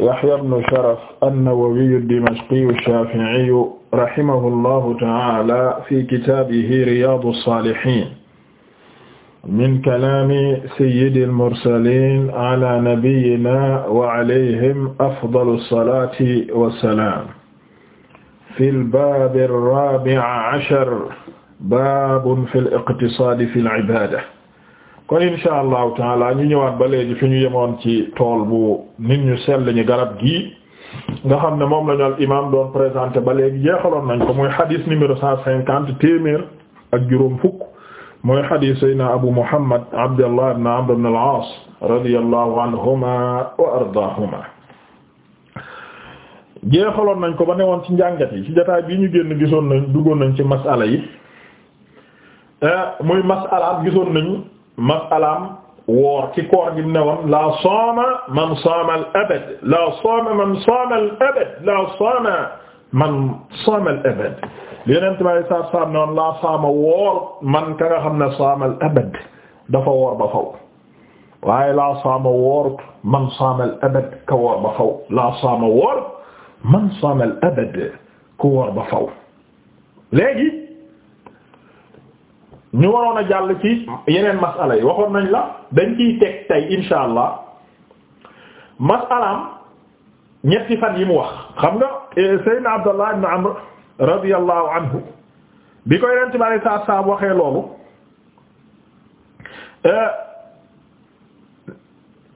يحيى بن شرف النووي الدمشقي الشافعي رحمه الله تعالى في كتابه رياض الصالحين من كلام سيد المرسلين على نبينا وعليهم أفضل الصلاة والسلام في الباب الرابع عشر باب في الاقتصاد في العبادة kon insha allahu taala ñu ñëwaat ba léegi fi ñu yemoon ci tool bu nit ñu sell ñu garab gii nga xam ne moom lañu al imam doon présenté ba léegi jeexaloon nañ ko muy xadis numéro cent cinquante téeméer ak juróom fukk mooy xadis sayna abu muhammad abdullah ibn amr ibn al-aas radiyallahu anhuma wa ardaahuma jeexaloon nañ ko ba newoon ci njàngat yi ci jotaay bi ñu génn gisoon nañ duggoon nañ ci ala yi eh, muy masala gisoon nañ masalaam woor ci koor gi mu ne woon la saama man saama al abad la saama man saama al abad la saama man saama al abad yeneen tamit saa saam ne woon la saama woor man ka nga xam ne saama al abad dafa woor ba faw waaye la saama woorut man saama al abad ka woor ba faw la saama woorut man saama al abad ku woor ba faw léegi ñu waroon a jàll ci yeneen masala yi waxoon nañ la dañ ciy teg tey insha allah masalaam ñetti fan yi mu wax xam nga eh, sayyidna abdallah ibn amr radiyallahu anhu bi koy rent bari saa saa waxee loolu eh,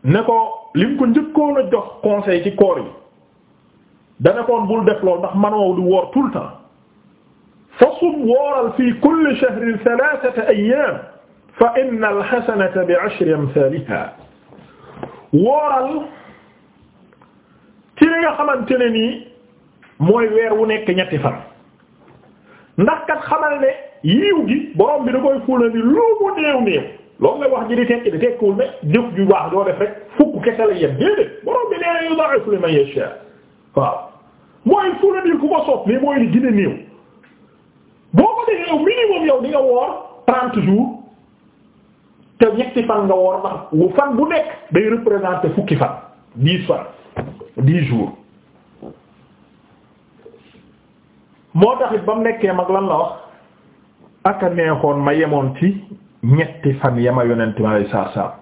ne ko lim ko njëkkoon a jox conseil ci koor yi dana koon bul def loolu ndax manoo di woor tout temps wasum wooral fi kulli shahrin thalathata ayyam fa inna alxasanata bi ashri amthaliha wooral ci li nga xamante ne nii mooy weer wu nekk ñetti fan ndax kat xamal ne yiiw gi borom bi da koy fuula ni lu mu néew néew loolu nga wax ji di tekki di tekkiwul ne jëf ju baax doo def rek fukk kese la yem borom bi nee na yudaa'ifu liman yashaa waaw mooy fuula ni ku ko soob mais mooy li gën a néew boo ko defee yow minimum yow di nga woor trente jours te ñetti fan nga woor ndax bu fan bu nekk day représenter fukki fan dix fan dix jours moo tax it ba mu nekkee mag lan la wax aka neexoon ma yemoon ci ñetti fan yama yonent ma lay saar saar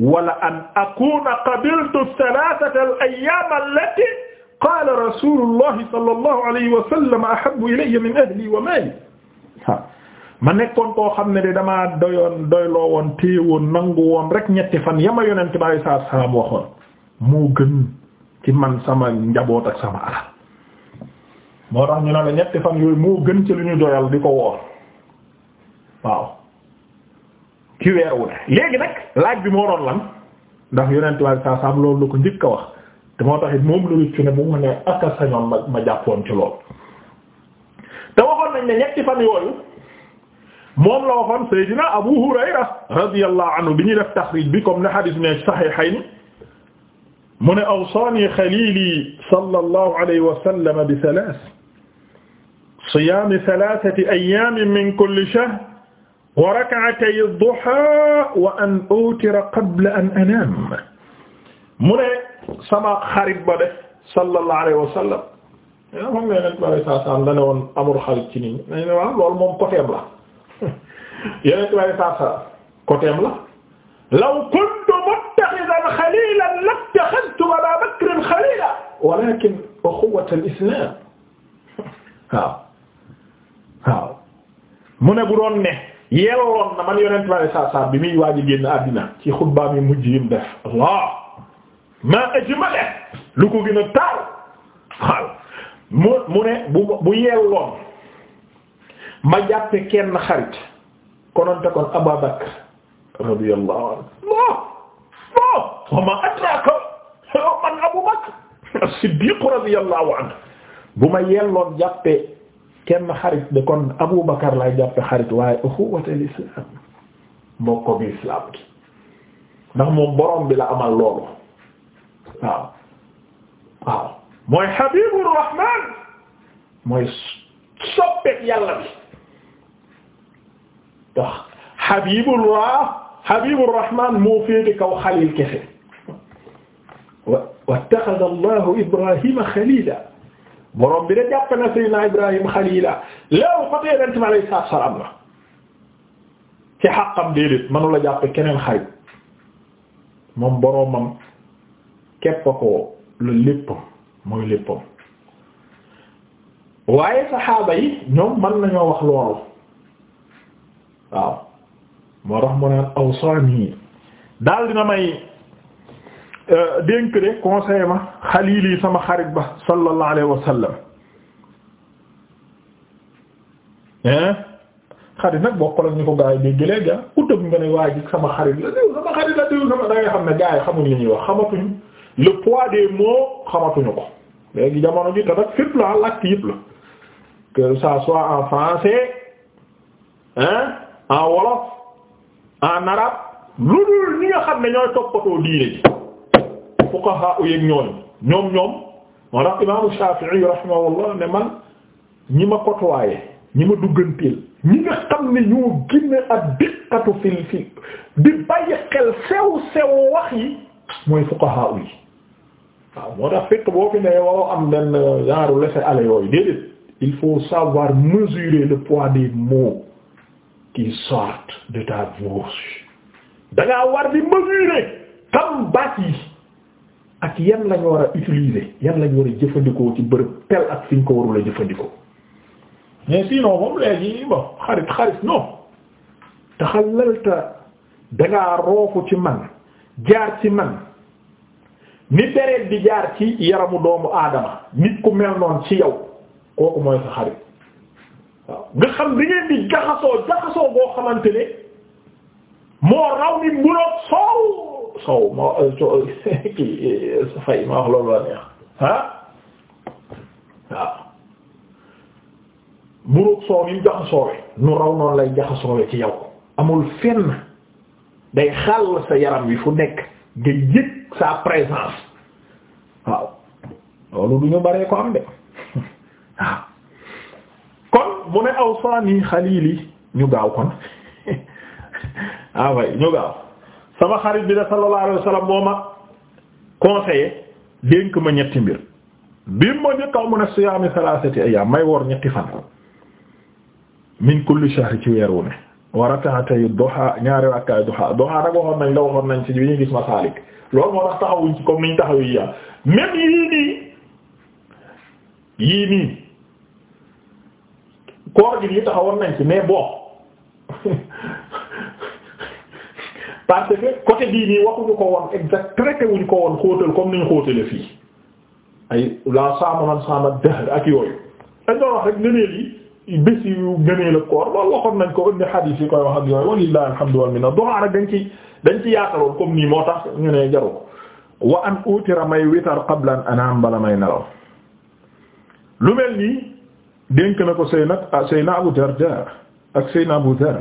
wala an akuna qabiltu thalathata al ayyam allati qala rasulullahi sallallahu alayhi wa sallam ahabbu ilayya min ahli wa ma nekkoon koo xam ne de damaa doyoon doyloo woon téyewoon nangu woon rek ñetti fan yama yonent bi alei salaatu salaam waxoon moo gën ci man sama njaboot ak sama alal moo tax ñu ne la ñetti fan yooyu moo gën ci lu ñu doyal di ko woor waaw ci weer ne léegi nag laaj bi moo doon lan ndax yonent bi alei salaatu salaam loolu la ko njëkk a wax te moo tax it moom lu rëccu ne bu mu ne aka sañoon ma ma jàppoon ci loolu te waxoon nañ ne ñetti fan yooyu moom la waxoon Seydina Abu Hurayra radiyallahu anhu bi ñuy def taxrij bi comme ne xadis ne saxiixayni mu ne awsaani xaliili sallallahu alayhi wa sallam bi salaas siyaami salaasati ayyaamin min kulli shahr wa rak'atay ad-duhaa wa an uutira qabla an anaam mu ne sama xarit ba def sallallahu alayhi wa sallam yaa xam nga nekk woon amul xarit ci nii loolu moom côtéem la yeneen bari saa saam côtéem la law kuntu muttaxidan xalilan lattaxadtu Abaa Bakrin xalila walakin uxuwata al waaw waaw mu ne bu doon ne yelloon na man yonent bi alayhi salaatu bi muy waaj génn àddina ci xutbaam yi mujj yim def Allah ma ajmala lu ko gën a taaru waaw mu mu ne bu bu yeewuloon ma jàppe kenn xarit kononte kon Abu Bakr radiyallahu anhu non oh, non oh, wa ma adraka man Abu Bakr as-Siddiq radiyallahu anhu bu ma yelloon jàppe kenn xarit de kon Abu Bakr lay jàppe xarit waaye uxuwata l'islam mbokk bi islam gi ndax moom borom bi la amal loolu waaw waaw mooy Habibur Rahman mooy soppeek yàlla bi tax Habibullah Habibur Rahman moo féete kaw xalil kese wattaxada Allahu Ibrahima xalila borom bi da jàpp na Seydina Ibrahima xalila léew côté Yonent mi alayhi salaatu salaam la ci xàqam déedéet mënu la jàpp keneen xarit moom boromam képp koo la léppam mooy léppam waaye saxaaba yi ñoom mën nañoo wax loolu waaw moo tax mu naan awsaani daal dina may euh, dénk de conseil ma xaliili sama xarit ba sallallahu alayhi wa sallam hein xarit nag bokkul ak ñu ko gaa yi dégg léegi ah utëb nga ne waa ji sama xarit la diw sama xarit la diw sama da ngay xam ne gaa yi xamuñ li ñuy wax xamatuñ le poids des xamatuñu ko léegi jamono ji nag fépp la làkk yëpp la que ça soit en français hein en wolof en arabe lu dul nga xam ne ñooy toppatoo diine ji fuqaha yeeg ñooñu ñoom ñoom moo tax imaamu Shafi'i rahimahullah ne man ñi ma côtoyé ñi ma dugganteel ñi nga xam ne ñoo ginne ak dikkatu fil di bàyyi xel sew sew wax yi mooy fuqaha yi waaw moo tax fiq boo fi ne waroo am benn genre laisser-aller yooyu déedéet il faut savoir mesurer le poids des mots qui sortent de ta bouche da war di mesurer tam baat yi ak yan lañ war a utiliser yan lañ war a jëfandikoo ci bërëb tel ak fi ko warul jëfandikoo mais sinon moom léegi bon xarit xarit non taxalalta da roofu ci man jaar ci man. ni deret di jaar ci yaramu doomu aadama nit ku mel noon ci yow kooku mooy sa xarit waaw nga xam da ngeen di jaxasoo jaxasoo boo xamante ne moo raw ni mburoog soow soow euh, euh, ma wax loolu la neex ah waaw mburoog soow yi jaxasoowe nu raw noonu lay jaxasoowe ci yow amul fenn day xàll sa yaram wi fu nekk nga yëg sa présence waaw loolu du ñu baree ko am de waaw kon mu ne awsaani xaliili ñu gaaw kon ah way ñu gaaw sama xarit bi da sallallahu alayhi wasallam moo ma conseillé dénk ma ñetti mbir bi ma njëkkaw mu ne siyaami salasati ayyam may woor ñetti fan min kulli shahr ci weer ne wa rak'atay duha ñaari rak'atay duha duha nag waxoon nañ la waxoon nañ ci bi ñu gis masaalik loolu moo tax taxawuñ ci comme niñ taxaw yi yaa ah. même yii nii yii nii koor gi nii taxawoon nañ ci mais bon parce que côté bii nii waxuñu ko woon exact traité wuñ ko woon xóotal comme niñ xóotale fii ay la saama man saama dahr ak yooyu dañ doon wax rek ngëneel yi bés yu gënee la koor loolu waxoon nañ ko indi xadiis yi koy wax ak yooyu walillahi alhamdu wal minna duha rek dañ ci dañ ci yaataloon comme nii moo tax ñu ne jaru ko wa may witar qabla an may nelaw lu mel nii dénk na ko sayna Abu Darda ak sayna Abu Dar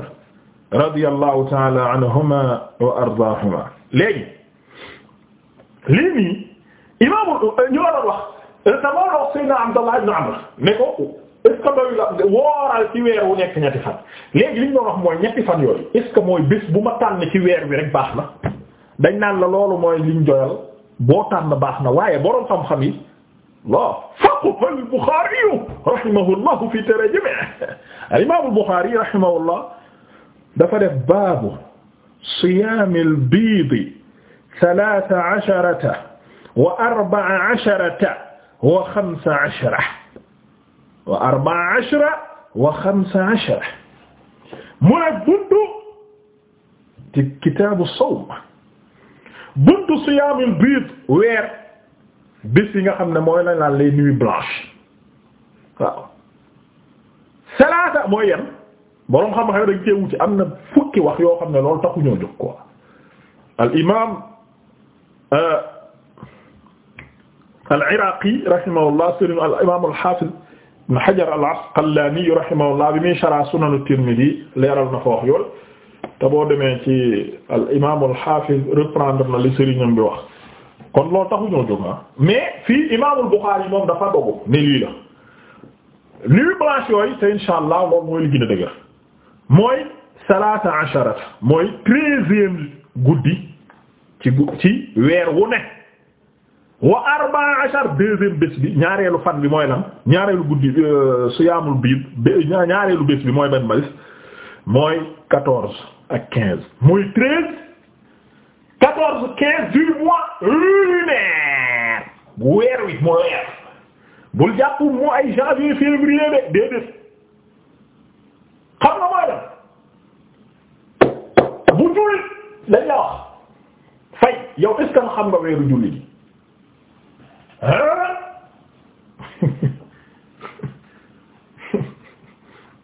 radiyallahu ta'ala anhuma wa ardaahuma léegi lii nii imaamu ñu war a wax te moo wax sayna Abdallah ibn Amr ne ko est ce que doy la wooral ci weer wu nekk ñetti fan léegi li ñu doon wax mooy ñetti fan yooyu est ce que mooy bés bu ma tànn ci weer wi rek baax na dañ naan la loolu mooy liñ doyal boo tànn baax na waaye boroom xam-xam yi loo faqahu al-Bukhari rahimahullah fi tarjamihi al-imam al-Bukhari rahimahullah dafa def baabu siyaam al-biid thalatha asharata wa arba'a asharata wa khamsa asharata wa arba'a ashra wa xamsa ashra mu ne buntu ci kitaabu sawm buntu siyaamil biid weer bis yi nga xam ne mooy lañ naan les nuits blanches waaw salaata mooy yem boroom xam-xam dañ cee wuti am na fukki wax yoo xam ne loolu taxu ñoo jóg quoi al imaam euh, al iraaqi rahimahullah sëriñ al imaam al xaafis ibn Hajar al-Asqalani rahimahullah bi muy sharh Sunan at-Tirmidhi leeral na fa wax yool te boo demee ci al imaam al-Hafiz reprendre na li sëriñam bi wax kon loolu taxu ñoo jóg ah mais fii imaamul Bukhari moom dafa dogu ne lii blanche yooyu te insha allah loolu mooy li gën a dëgër mooy salaasa asharata guddi ci weer wu ne wa arba'a ashar deuxième bés bi ñaareelu fan bi mooy lan ñaareelu guddi euh, siyaamul biid ñaareelu bés bi mooy benn bés mooy quatorze ak quinze muy treize quatorze quinze du mois lunaire weer wi mooy weer bul jàpp mu ay janvier février de déedéet xam nga mooy lan bu jullit lañ la wax fay yow est xam nga weeru jullit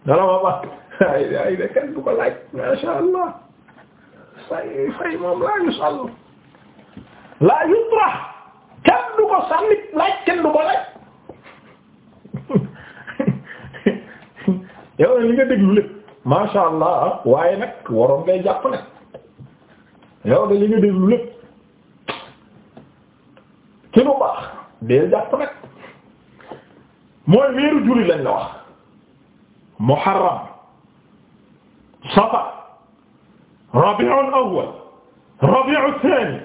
dala ma wax ay ay de kenn du ko laaj allah fay fay moom laa yu sàll laa kenn du ko sànni laaj kenn du ko laaj allah waaye nag waroon ngay jàpp nag yow de li nga déglu lépp ci dee jàpp nag mooy weeru julli lañ la wax muharram safar rabi'ul awwal rabi'u thani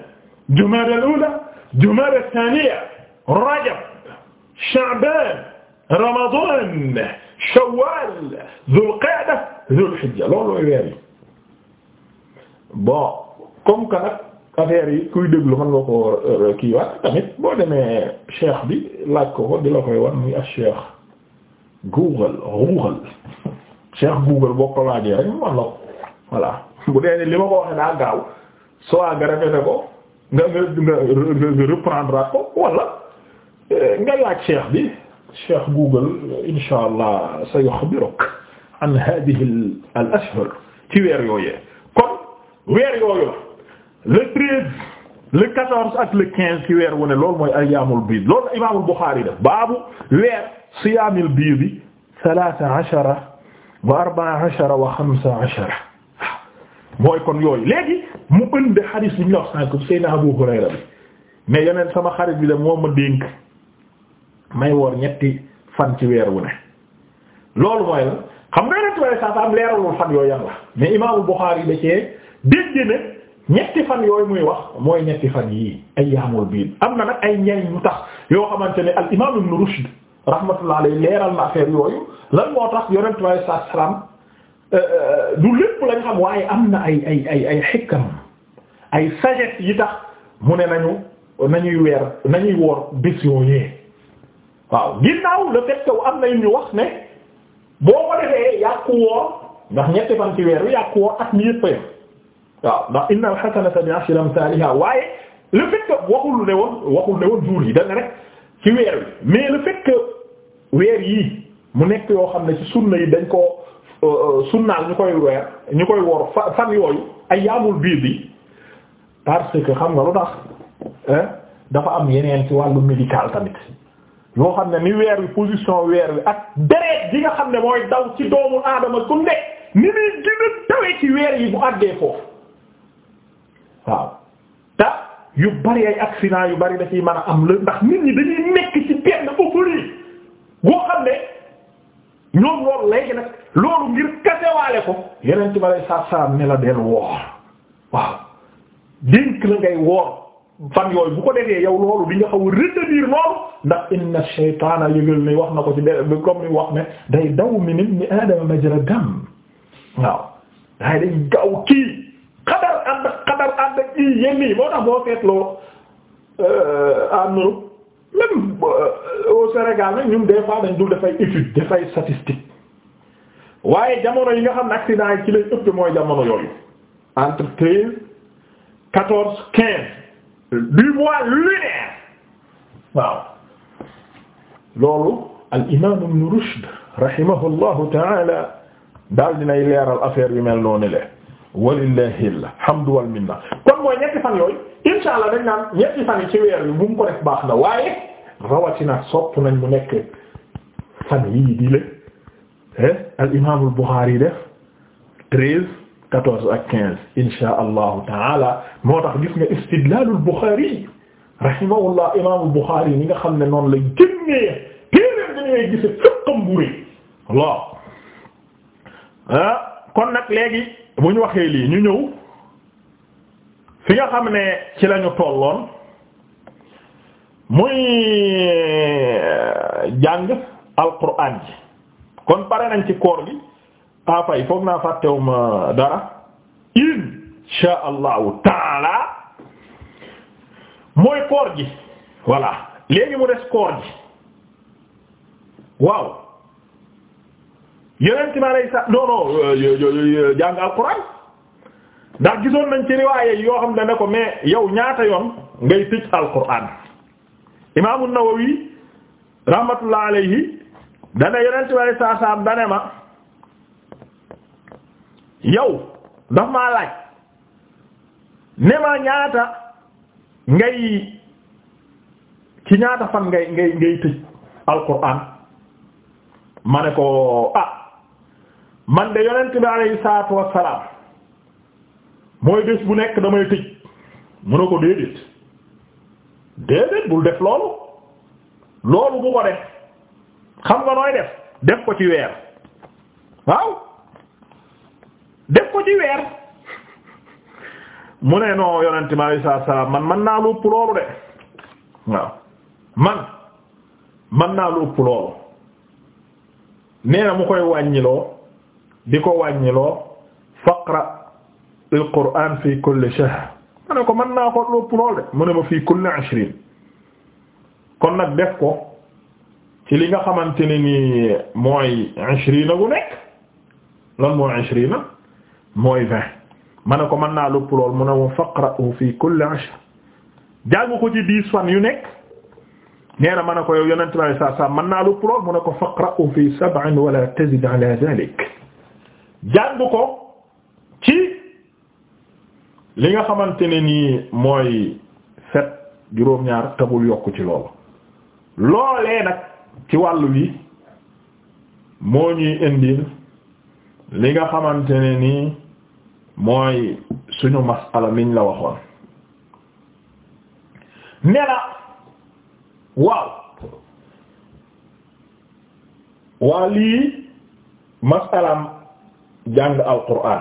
jumada al-ula jumada ath-thaniya rajab sha'ban ramadan shawwal dhul qa'da dhul hijja loolu mooy weer yi bon comme que nag affaire yi kuy déglu mën nga ko euh, kii waat tamit boo demee cheikh bi laaj ko ko di la koy wan muy ak cheikh Google Google cheikh Google boo ko man la ko voilà bu dee ni li ma ko waxee wala euh, nga laaj bi cheikh Google insha allah sa yukhbiruk an hadhihi al ashhur ci weer yooyee kon weer yooyu la le treize le quatorze ak le quinze ci weer wu ne loolu mooy ayyaamul biid loolu la imaamul Buxaari def baabu weer siyaamil biidi salaasa ashara wa arbaa ashara wa xamsa ashara mooy kon yooyu léegi mu ëndi bi ñu wax sànq Abu Hurayra bi mais yeneen sama xarit bi de moo ma dénk may woor ñetti fan ci weer wu ne loolu mooy la xam nga yeneen tubaab yi sax am leeralul fan yooyu yan la mais imaamul Buxaari da cee dégg ne. ñetti fan yooyu muy wax mooy ñetti fan yii ayyaamul biid am na nag ay ñeñ ñu tax yoo xamante ne al imaam ibn Rushd rahmatullah alayhi leeral na affaire yooyu lan moo tax yonent bi alayhi salaatu salaam euh, euh, du lépp xam waaye am na ay ay ay ay xikam ay sagesse yi tax mu ne nañu nañuy weer nañuy woor bés yooyee waaw ginnaaw le fait que am na yu ñu wax ne boo ko defee yàqu woor ndax ñetti fan ci weer wi yàqu woor at mi yëpp waaw ndax inna al-hasanata bi waaye le fait que waxul ne woon waxul ne woon jour yi dana rek ci weer wi mais le fait weer yii mu nekk yoo xam ne ci sunna yi dañ ko euh, euh, sunnaal ñu koy weer ñu koy wor fan yooyu ay yaamul biir bi parce que xam nga lu tax dafa am yeneen ci wàllu médical tamit yoo xam ne ni weer wi position weer wi ak deret gi nga xam ne mooy daw ci doomu aadama ku ni muy gën dawee ci weer yi bu àggee foofu waaw te yu bari ay accident yu bari da ciy a am la ndax nit ñi dañuy nekk ci benn euphorie boo xam ne ñoom loolu léegi nag loolu ngir kasewaale ko yeneen ci ba lay saab ne del woor waaw dénk la ngay woor fan yooyu bu ko defee yow loolu di nga xaw a retenir loolu ndax inna shaytaana yëgal ne wax na ko ci benn ni wax ne day daw mi nit ñi aadama majra dam waaw waaye day gaaw kii xadar ànd àndal ànd ak kii yenn yi moo tax boo euh, euh, jamono yi nga xam ne accident ëpp mooy jamono yooyu entre treize quatorze al imam ibn leeral affaire bi mel noonu le walillahil hamdu wal minna kon mooy ñetti fan yooyu insha allah dañ naan ñetti fan yi ci weer yi bu mu ko def baax na waaye rawatina sopp nañ mu nekk fan yii di le eh, al imaamul Buxaari def treize quatorze ak quinze insha allahu taala moo tax gis nga istidlaalul Buxaari rahimahullah imaamul Buxaari mi nga xam ne noonu la génnee téeréer dañuy gise fëqam bu rëy Allah ah kon nag léegi bu ñu waxee lii ñu ñëw fi nga xam ne ci lañu tolloon muy euh, jàng alquran ji kon pare nañ ci koor gi afay foog naa fàttewuma dara insha allahu taala mooy koor gi voilà léegi mu des koor gi waaw yeneen ci ma lay sa non non euh, jàng alquran ndax gisoon nañ ci riwaaye yoo xam ne ne ko mais yow ñaata yoon ngay tëj alquran imaamu Nawawi rahmatullah alayhi dana yeneen ci ma lay saa saam dane ma yow daf maa laaj ne ma ñaata ngay ci ñaata fan ngay ngay ngay tëj alquran ma ne ko ah man de yonent bi alayhi salaatu wassalaam mooy bés bu nekk damay tëj mu ne ko déedéet déedéet bul def loolu loolu bu ko def xam nga nooy def def ko ci weer waaw def ko ci weer mu ne noo yonent bi alayhi salaatu man man naa lu ëpp loolu de waaw man man naa lu ëpp loolu nee na mu koy wàññiloo di ko wàññiloo faqra al qur'an fi kulli shahr ma ne ko mën naa ko lopp mu ne ma fi kulli ishrin kon nag def ko ci li nga xamante ni nii mooy ishrina gu nekk lan mooy ishrina mooy ne ko mën naa lopp lool mu ne ma faqra'u fi kulli ashr fan yu nekk nee na ma ne ko yow yonent bi sallallahu alayhi wasallam mën naa lopp lool mu ne ko faqra'u fi sab'in wala tazid ala dhalik jàng ko ci li nga xamante ne nii mooy set juróom-ñaar tabul yokk ci loolu loolee nag ci wàll wi moo ñuy indil li nga xamante ne nii mooy suñu masala miñ la waxoon ne la waaw waa lii masalam jàng alquran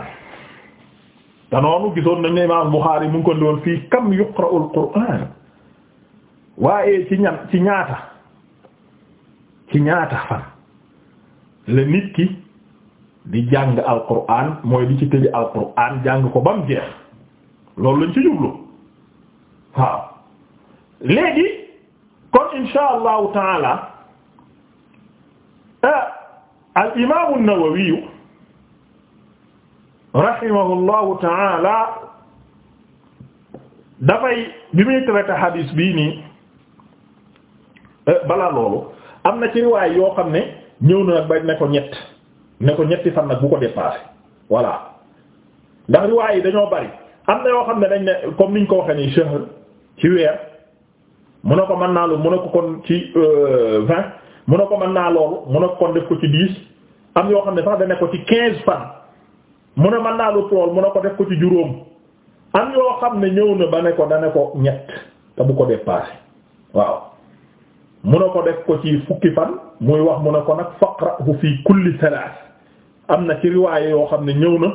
te noonu gisoon nañ ne imaam Buxaari mu ngi ko doon fii kam yuqra'ul qur'an waaye ci ñan ci ñaata ci ñaata fan la nit ki di jàng alquran mooy di ci tëj alquran jàng ko ba mu jeex loolu lañ ci jublu waaw léegi kon insha allahu taala eh, al imaamu Nawawi rahimahullahu taala dafay bi muy traité hadis bii nii eh, balaa loolu am na ci riwaay yoo xam ne ñëw na nag ba ne ko ñett ne ko ñetti fan nag bu ko dépassé voilà ndax riwaay yi dañoo bari am na yoo xam ne dañ ne comme niñ ko waxee ni shahr ci weer mun ne ko mën naa loolu mu ne ko kon ci euh, vingt mun ne ko mën naa loolu mun ne ko kon def ko ci dix am yoo xam ne sax da ne ko ci quinze fan. mu ne mën naa lu tool mu ne ko def ko ci juróom am yoo xam ne ñëw na ba ne ko da ko ñett te bu ko dépassé waaw mu ne ko def ko ci fukki fan muy wax mu ne ko nag faqrahu fii kulli salaas am na ci riwaaye yoo xam ne ñëw na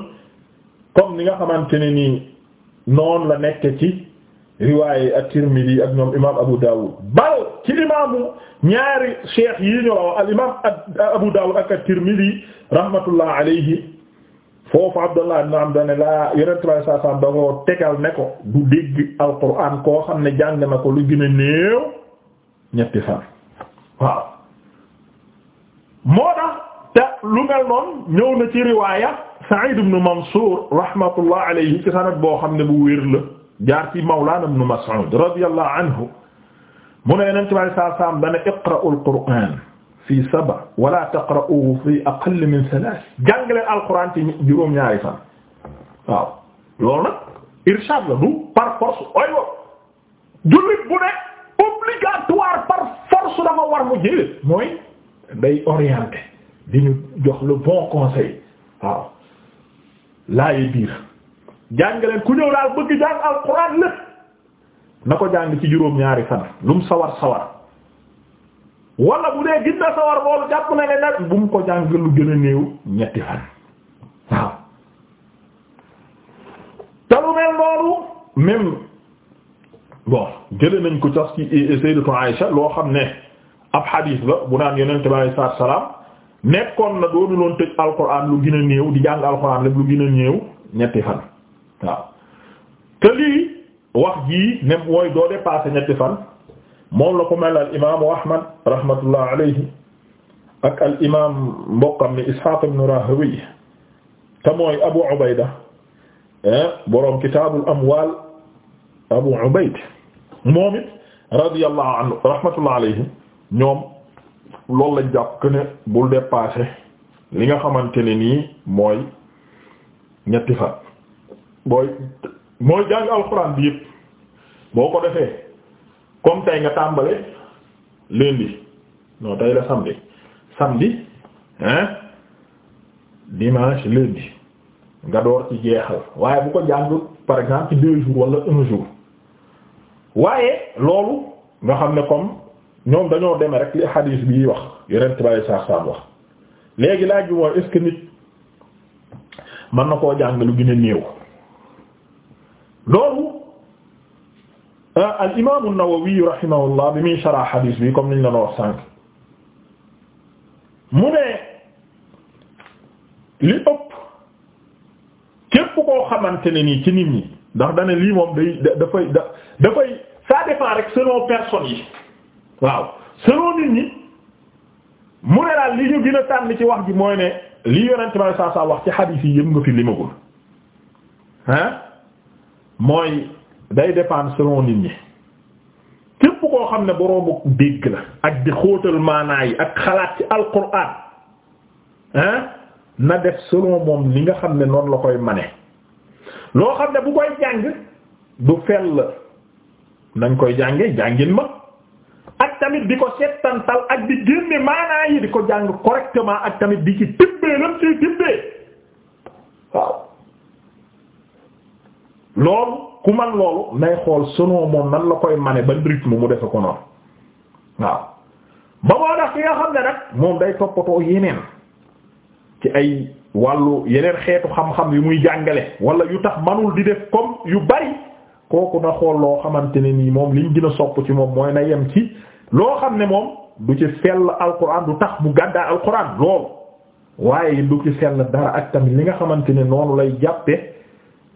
comme ni nga xamante ni nii noon la nekk ci riwaaye at-Tirmidhi ak ñoom imaam Abu Dawud ba ci imaamu ñaari cheikh yi ñu wax al imaam Abu Dawud ak at-Tirmidhi rahmatullah alayhi foofu Abdallah ibn Amr dane laa yonent bay saa sam ko tegal ne ko du dégg alquran koo ne jàng na ko lu gën a néew ñetti fan waaw moo tax te lu mel noonu ñëw na ci riwaaya Sa'id ibn Mansur rahmatullah alayhi ci sanad boo xam ne bu wér la jaar ci Mawlana ibn Mas'ud radiyallahu anhu mu ne yonent bay saa sam dane iqra'ul fii saba wala taqra'uhu fi aqall min thalath jàng leen alquran ci juróom-ñaari fan waaw loolu nag irshad la du par force aywa jullit bu ne obligatoire par force dafa war mu jëlee mooy day orienté di ñu jox le bon conseil waaw laayi biir jàng leen ku ñëw daal bëgg jàng alquran lépp na ko jàng ci juróom-ñaari fan lu mu sawar sawar wala bu dee gis na sawar loolu jàpp na ne nag bu mu ko jàng lu gën a néew ñetti fan waaw te lu mel loolu même bon jëlee nañ ko sax ci Sayyidatu Aïsha loo xam ne ab xadiis la bu naan Yonent bi alayhi salaam nekkoon na doonu loon tëj alxuraan lu gën a néew di jàng alxuraan lépp lu gën a néew ñetti fan waaw te lii wax jii ne mooy doo dépassé ñetti fan. moom la ko mel al imaamu Ahmad rahmatullah alayhi ak al imaam mbokkam ni Ishaaq ibn Rahawi te mooy Abu Ubayda eh, boroom kitaabul amwaal Abu Ubayda moom it radiyallahu anhu rahmatullah alayhi ñoom loolu lañ jàpp que ne bul dépasser li nga xamante ne nii mooy ñetti fan. booy mooy jàng alxuraan bi yëpp boo ko defee. comme tey nga tàmbale lundi non tey la samedi samedi hein dimanche lundi nga door ci jeexal waaye bu ko jàng par exemple ci deux jours wala un jour waaye loolu nga xam ne comme ñoom dañoo demee rek li hadis bi wax yeneen tubaab yi sax wax léegi laaj bi mooy est nit mën na koo jàng lu gën a néew loolu Euh, al imaamu Nawawi rahimahullah bi muy sharh hadis bi comme niñ la wax sànq mu ne li ëpp képp koo xamante ne nii ci nit ñi ndax dane lii moom day dafay da dafay ça dépend rek selon personne yi waaw selon nit ñi mu ne daal li ñu gën tànn ci wax ji mooy ne lii yonente ma saa saa wax ci hadis yi yëpp nga fi limagul ah mooy. day dépendre selon nit ñi képp koo xam ne boroomu dégg la ak di xóotal maanaa yi ak xalaat ci alquran ah na def selon li nga xam ne noonu la koy mane loo xam ne bu koy jàng du fel nañ koy jànge jàngin ma ak tamit di ko settantal ak di génne maanaa yi di ko jàng correctement ak tamit di ci tibbee lam ciy tibbee waaw loolu ku man loolu nay xool selon moom nan la koy mane ban rythme mu defe ko noonu waaw ba moo tax ki nga xam ne nag moom day toppatoo yeneen ci ay wàllu yeneen xeetu xam-xam yu muy jàngale wala yu tax manul di def comme yu bari kooku na xool loo xamante ne nii moom liñ gën a sopp ci moom mooy na yem ci loo xam ne moom du ci sell alquran du tax mu gàddaa alquran loolu waaye du ci sell dara ak tamit li nga xamante ne noonu lay jàppe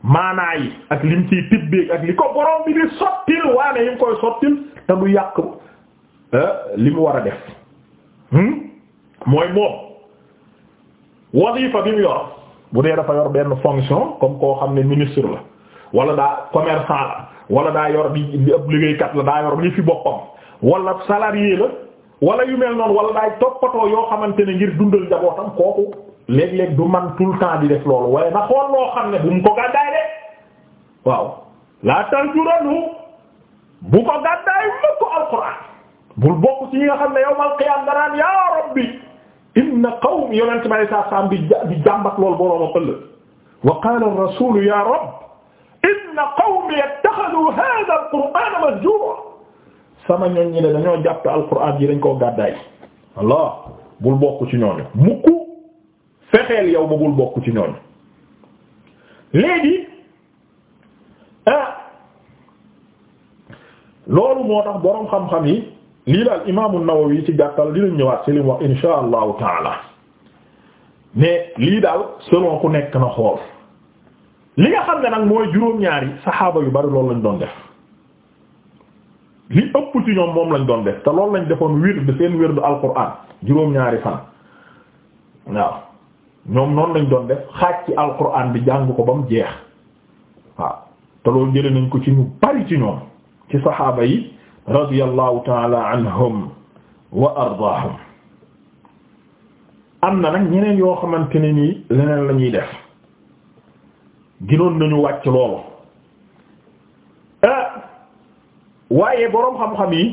maanaa yi ak lim ciy tibbeeg ak li ko borom bi di sottil waane yi mu koy sottil te du yàqu eh, li mu war a def hmm? mooy moom wasifa bi mu yor bu dee dafa yor benn fonction comme koo xam ne ministre la wala daa commerçant la wala daa yor di ab liggéeykat la daa yor li fi boppam wala salarié la wala yu mel noonu wala daay toppatoo yoo xamante ne ngir dundal njabootam kooku léeg-léeg du man tout le temps di def loolu waaye na xool loo xam ne bu mu ko gàddaay de waaw laa tarjuranu bu ko gàddaay mukk alxuraan bul bokk ci ñi nga xam ne yawmal qiyaam danaan yaa rabbi inna qawmi yonent bi alayhi salaam di jàmbat loolu borooma ëllëg wa qaala ar-rasuulu yaa rabb inna qawmi ittaxaduu haazal qur'aana sama ñoñ ñi dañoo jàpp alquran yi dañ koo gàddaay Allah bul bokk ci ñooñu mukk fexeel yow ba bul bokk ci ñooñu léegi ah loolu moo tax boroom xam-xam yi lii daal imaamu Nawawi ci gàttal li ñëwaat ci li mu wax insha allahu taala mais lii daal selon ku nekk na xool li nga xam ne nag mooy juróom-ñaari saxaaba yu bari loolu lañu doon def li ëpp ci ñoom moom lañ doon def te lool lañ defoon wird seen wird alquran juróom-ñaari fan waaw ñoom noonu lañ doon def xaaj ci alquran bi jàng ko ba mu jeex waaw te loolu jëlee nañ ko ci ñu bari ci ñoom ci saxaaba yi radiyallahu taala anhum wa ardaahum am na nag ñeneen yoo xamante ne nii leneen la ñuy def ginoon nañu wàcc loolu eh, waaye boroom xam-xam yi